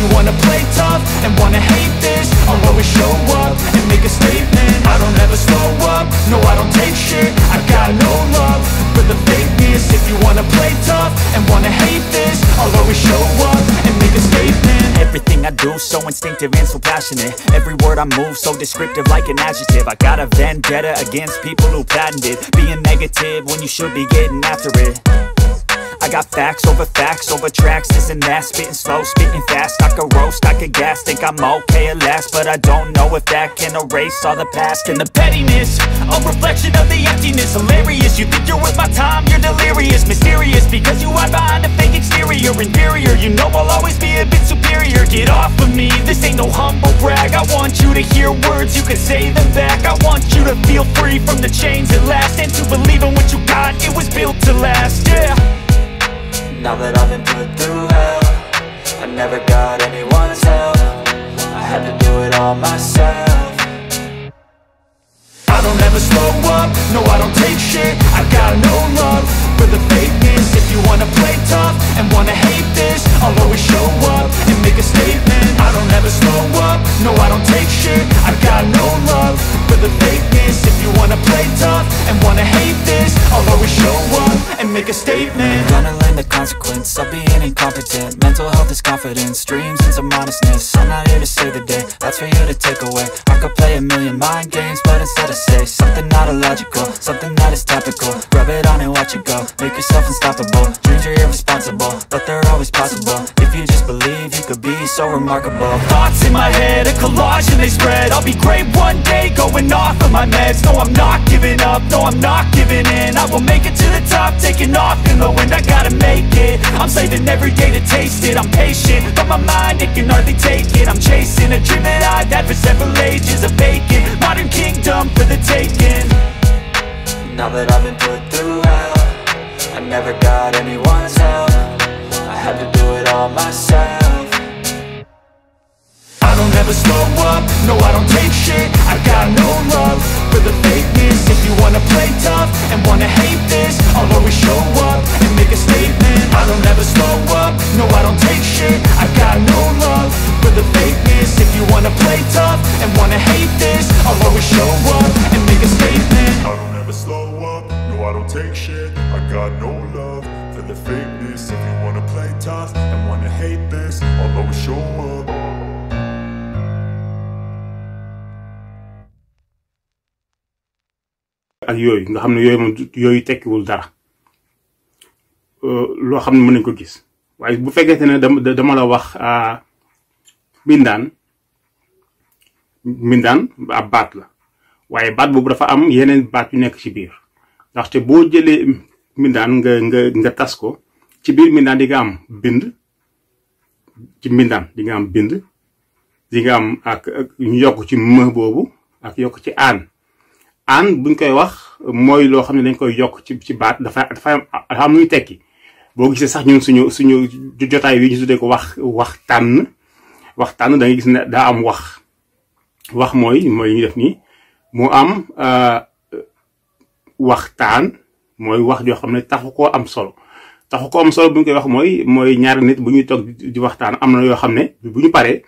you wanna play tough and wanna hate this I'll always show up and make a statement I don't ever slow up, no I don't take shit i got no love for the fakeness If you wanna play tough and wanna hate this I'll always show up and make a statement Everything I do so instinctive and so passionate Every word I move so descriptive like an adjective I got a vendetta against people who patented Being negative when you should be getting after it got facts over facts over tracks, this and that. Spitting slow, spitting fast. I could roast, I could gas. Think I'm okay at last, but I don't know if that can erase all the past and the pettiness. A reflection of the emptiness. Hilarious, you think you're worth my time, you're delirious. Mysterious, because you hide behind a fake exterior. Inferior, you know I'll always be a bit superior. Get off of me, this ain't no humble brag. I want you to hear words, you can say them back. I want you to feel free from the chains at last, and to believe in what you got. It was built to last, yeah. Now that I've been put through hell I never got anyone's help I had to do it all myself I don't ever slow up, no I don't take shit I got no love for the fakeness If you wanna play tough and make a statement I'm Gonna consequence, I'll is confidence Dreams and some honestness I'm not here to save That's for you to take away I could play a million mind games But instead I say Something not illogical Something that is topical Rub it on and watch it go Make yourself unstoppable Dreams are irresponsible But they're always possible If you just believe You could be so remarkable Thoughts in my head A collage and they spread I'll be great one day Going off of my meds No I'm not giving up No patient But my mind, it can hardly take it I'm chasing a dream that I've had for several ages A vacant modern kingdom for the taking fake shit I got no love for the fakeness If you wanna play tough and wanna hate this I'll always show up and make a statement I don't ever slow up, no I don't take shit I got no love for the fakeness If you wanna play tough and wanna hate this I'll always show up ak yooyu nga xam ne yooyu moom yooyu tekkiwul dara loo xam ne mën nañ ko gis waaye bu fekkente ne dama dama la wax ah, mbindaan mbindaan ab baat la waaye baat boobu dafa am yeneen baat yu nekk ci biir ndaxte boo jëlee mbindaan nga nga tas ko ci biir mbindaan di am bind ci mbindaan di am bind di nga am ak ñu yokk ci më boobu ak yokk ci aan aan buñ koy wax mooy loo xam ne dañ koy yokk ci ci baat dafa dafa am lu tekki boo gisee sax ñun suñu suñu jotaay wi ñu tuddee ko wax waxtaan waxtaan da gis ne daa am wax wax mooy mooy ñu def nii mu am euh, waxtaan mooy wax joo xam ne taxu koo am solo taxu koo am solo bu ñu koy wax mooy mooy ñaari nit bu ñuy toog di waxtaan am na yoo xam ne bu ñu paree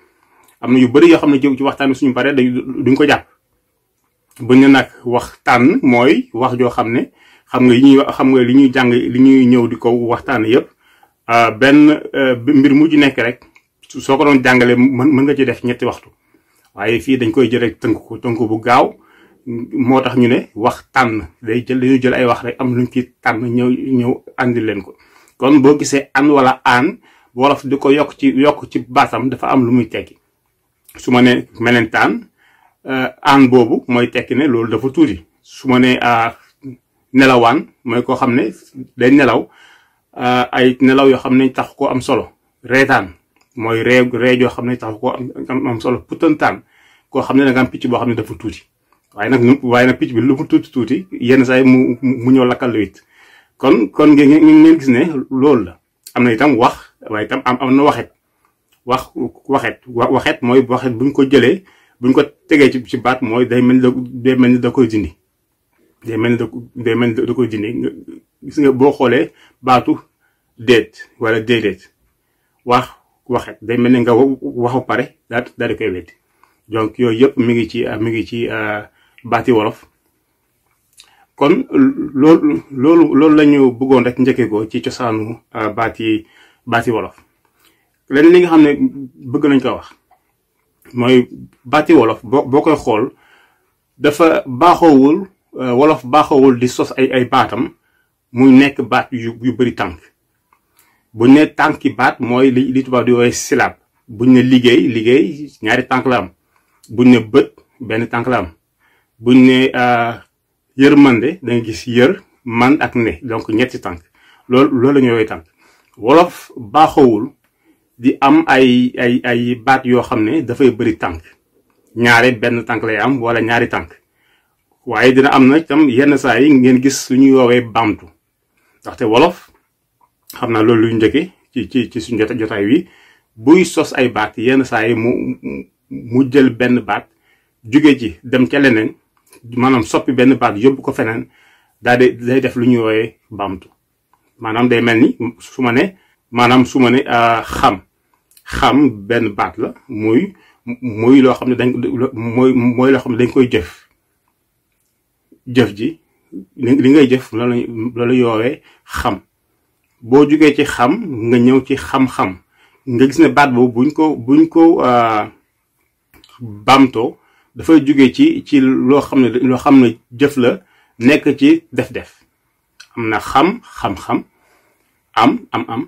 am na yu bari yoo xam ne ci waxtaan suñu paree dañu duñ ko jàpp. bu ñu nag waxtaan mooy wax joo xam ne xam nga yi ñuy xam nga li ñuy jàng li ñuy ñëw di ko waxtaan yëpp ah, benn eh, mbir mu ci nekk rek soo ko doon jàngalee mën mën nga ci def ñetti waxtu waaye fii dañ koy jël rek tënk ko tënk bu gaaw moo tax ñu ne wax tànn day jël dañuy jël ay wax rek am luñ ci tànn ñëw ñëw andi leen ko kon boo gisee an wala aan wolof di ko yokk ci yokk ci baatam dafa am lu muy tekki su ma ne melentaan eh, aan boobu mooy tekki ne loolu dafa tuuti su ne ah, nelawaan mooy koo xam ne day nelaw euh, ay nelaw yoo xam ne taxu ko am solo reetaan mooy ree ree joo xam ne tax ko am am solo putantaan koo xam ne da picc boo xam ne dafa tuuti waaye nag waaye nag picc bi lu tuuti tuuti yenn saa mu mu ñëw lakkal lu it kon kon ngeen ngeen gis ne loolu la am na itam wax waaye itam am na waxet wax waxet waxet mooy waxet buñ ko jëlee buñ ko tegee ci ci baat mooy day mel day mel ni da koy dindi day mel ni day mel ni da koy dindi gis nga boo xoolee baatu déet wala déedéet wax waxet day mel ni nga waxu pare daal daal di donc yooyu yëpp mi ngi ci ah, mi ngi ci ah, baati wolof kon loolu loolu loolu la ñu bëggoon rek njëkkee ko ci cosaanu ah, baati baati wolof leneen li nga xam ne bëgg nañ ko wax mooy baati wolof boo boo koy xool dafa baaxoowul Euh, wolof baaxawul di sos ay ay baatam mu nekk baat yu bari tànk buñ ne tànki baat mooy li li di woowee silaab buñ ne liggéey liggéey ñaari tànk la am buñ ne bët benn tànk la am buñ ne euh, yërmande da nga gis yër man ak ne donc ñetti tànk lool loolu la ñu tànk wolof baaxowul di am ay ay ay baat yoo xam ne dafay bëri tànk ñaare benn tànk lay am wala ñaari tànk waaye dina am na tam yenn saa yi ngeen gis lu ñuy woowee baamtu ndaxte wolof xam na loolu luñ njëkke ci ci ci suñ jotaay wi buy sos ay baat yenn saa yi mu mu jël benn baat jóge ci dem ca leneen maanaam soppi benn baat yóbbu ko feneen daal di day def lu ñuy woowee baamtu maanaam day mel ni su ne maanaam su ma ne ah, xam xam benn baat la muy muy loo xam ne dañ mooy mooy loo xam ne dañ koy jëf jëf ji li ngay jëf loolu loolu xam boo jugee ci xam nga ñëw ci xam-xam nga gis ne baat boobu buñ ko buñ ko euh, bamtoo dafay jugee ci ci loo xam ne loo xam ne jëf la nekk ci def-def am na xam xam-xam am am am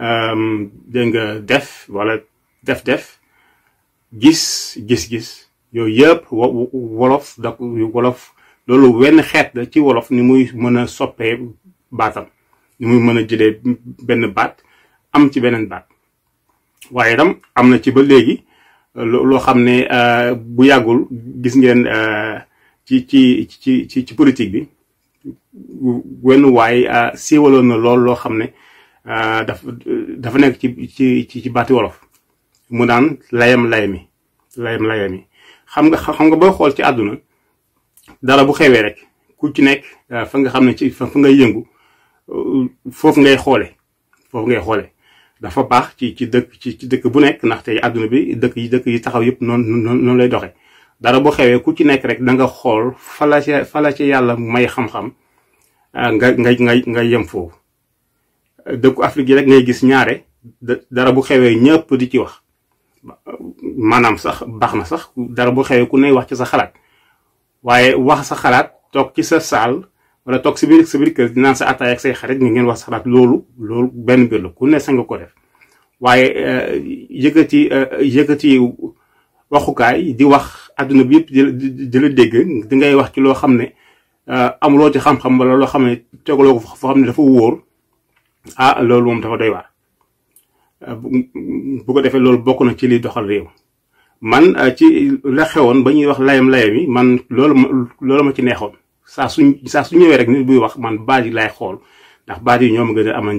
euh, dégg def wala def-def gis gis-gis yooyu yëpp wolof da wolof loolu wenn xeet la ci wolof ni muy mën a soppee baatam ni muy mën a jëlee benn baat am ci beneen baat waaye itam am na ci ba léegi euh, loo xam ne euh, bu yàggul gis ngeen euh, ci ci ci ci ci politique bi wenn waay siiwaloon na lool loo xam ne dafa nekk ci ci ci baati wolof mu naan layam layami layam layami xam nga xam nga booy xool ci àdduna dara bu xewee rek ku ci nekk euh, fa nga xam ne ci fa ngay yëngu euh, foofu ngay xoole foofu ngay xoole dafa baax ci ci dëkk ci ci dëkk bu nekk ndaxte àdduna bi dëkk yi dëkk yi taxaw yëpp noonu noonu lay doxe dara bu xewee ku ci nekk rek da nga xool fa la ca fa la may xam-xam euh, nga nga nga yem foofu dëkku Afrique yi rek ngay gis ñaare dara bu xewee ñëpp di ci wax maanaam sax baax na sax dara bu xewee ku ne wax ci sa xalaat waaye wax sa xalaat toog ci sa saal wala toog si biir sa biir kër dinaan sa ataay ak say xarit nga ngeen wax sa xalaat loolu loolu benn mbir ku ne sa nga ko def waaye eh, eh, yëkkati waxukaay di wax adduna bi yëpp di dégg di ngay wax ci loo xam ne eh, amuloo ci xam-xam wala loo xam ne tegaloo foo xam ne dafa wóor ah loolu moom dafa doy waar bu ko defee loolu bokk na ci lii doxal réew man euh, ci la xewoon ba ñuy wax layam layam yi man loolu ma loolu ma ci neexoon saa suñ saa su ñëwee rek nit buy wax man baat yi laay xool ndax baat yi ñoom gën a amal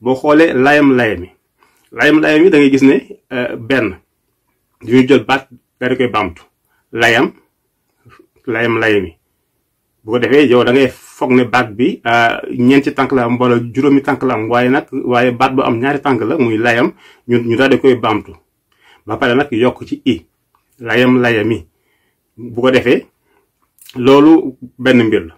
boo xoolee layam layam yi layam layam yi da gis ne euh, benn dañuy jël baat da bamtu layam layam layam yi bu defee yow da ngay foog ne baat bi euh, ñeenti tànk la am wala juróomi tànk la am waaye nag waaye baat bu am ñaari tànk la muy layam ñu ñu daal di koy bamtu. ba pare nag yokk ci i layam layami bu ko defee loolu benn mbir la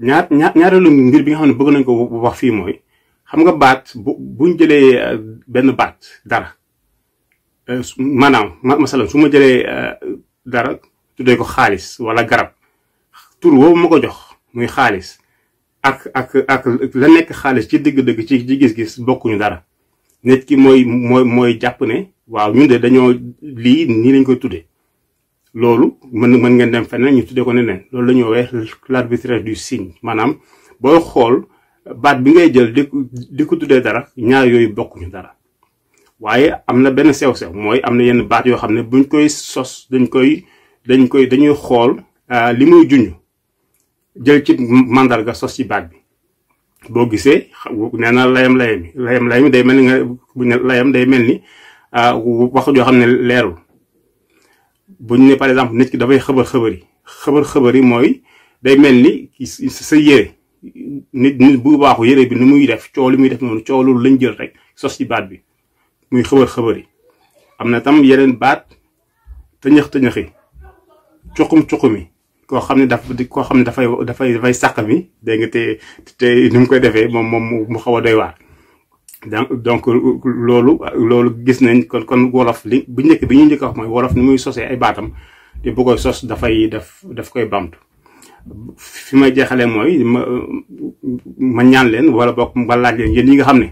ñaar ñaar ñaareelu mbir bi nga xam ne bëgg nañ ko wax fii mooy xam nga baat bu buñ jëlee euh, benn baat dara euh, maanaam masalan su ma jëlee euh, dara tuddee ko xaalis wala garab tur woowu ma ko jox muy xaalis ak ak ak la nekk xaalis ci dëgg-dëgg ci ci gis-gis bokkuñu dara nit ki mooy mooy mooy jàpp ne waaw ñun de dañoo lii nii lañ koy tuddee loolu mën mën ngeen dem feneen ñu tuddee ko neneen loolu la ñuy woowee l'arbitraire du signe maanaam booy xool baat bi ngay jël di di ko tuddee dara ñaar yooyu bokkuñu dara waaye am na benn sew-sew mooy am na yenn baat yoo xam ne buñ koy sos dañ koy dañ koy dañuy xool euh, li muy junj jël ci màndarga sos ci baat bi boo gisee nee na layam layam yi layam layam yi day mel ni nga bu ne layam day mel ni ah, wax joo xam ne leerul buñ ne par exemple nit ki dafay xëbër xëbari yi xëbër mooy day mel ni sa yére nit nit bu baaxu yére bi ni muy def coow li muy def noonu coow loolu lañ jël rek sos ci baat bi muy xëbër xëbër am na tam yeneen baat tëñëx tëñëxi cuqum cuqumi koo xam ne daf koo xam ne dafay dafay dafay sàq mi dégg nga te te ni mu koy defee moom moom mu xaw a doy waar. donc loolu loolu gis nañ kon kon wolof li bu njëkk bi ñu njëkk wax mooy wolof ni muy sosee ay baatam te bu koy sos dafay daf daf koy bamtu. fi may jeexalee mooy ma ma ñaan leen wala bokk ma laaj leen yéen ñi nga xam ne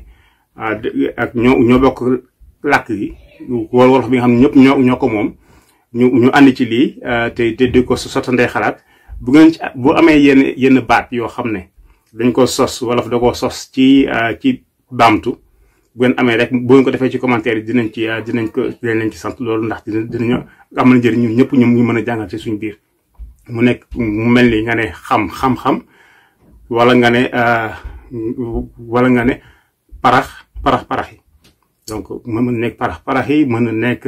ah, ak ñoo ñoo bokk làkk yi wala wolof bi nga xam ñëpp ñoo ñoo ko moom. ñu ñu ànd ci lii euh, te te di ko sottandee xalaat bu ngeen ci bu amee yenn yenn baat yoo xam ne dañ ko sos wolof da ko sos ci euh, ci baamtu bu ngeen amee rek bu ko defee ci commentaire yi dinañ ci euh, dinañ ko dinañ ci sant loolu ndax dinañ am na ñun ñëpp ñoom ñu mën a jàngal ci suñu biir. mu nekk mu mel ni nga ne xam xam xam wala nga ne wala nga ne parax parax parax donc mën na nekk parax parax mën na nekk.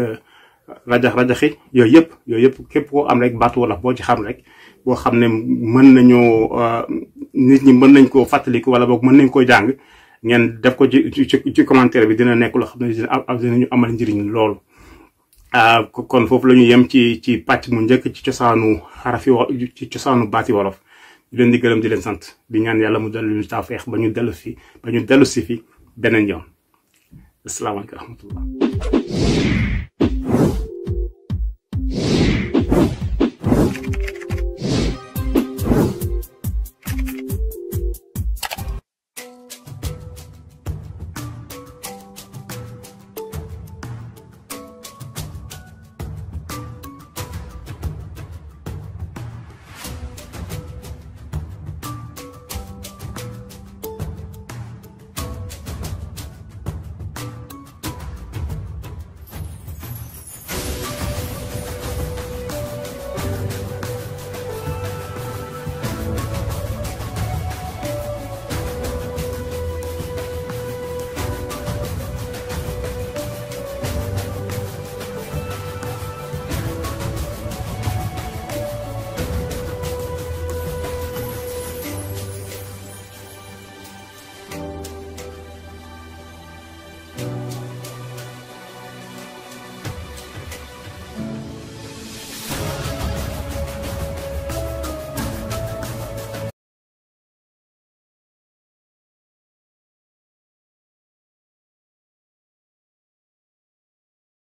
rajax rajaxi yooyu yëpp yooyu yëpp képp koo am rek baatu wolof boo ci xam rek boo xam ne mën nañu euh, nit ñi mën nañ koo fàttaliku wala boog mën nañ koo jàng ngeen def ko ci ci commentaire bi dina nekk loo xam ne dinañu amal njëriñ loolu. Euh, kon foofu la ñu yem ci ci pàcc mu njëkk ci cosaanu xarafi ci cosaanu baati wolof di leen di gërëm di leen sant bi ñaan yàlla mu dellu ñu taafeex ba ñu dellu fi ba ñu si fi beneen yoon asalaamaaleykum wa rahmatullah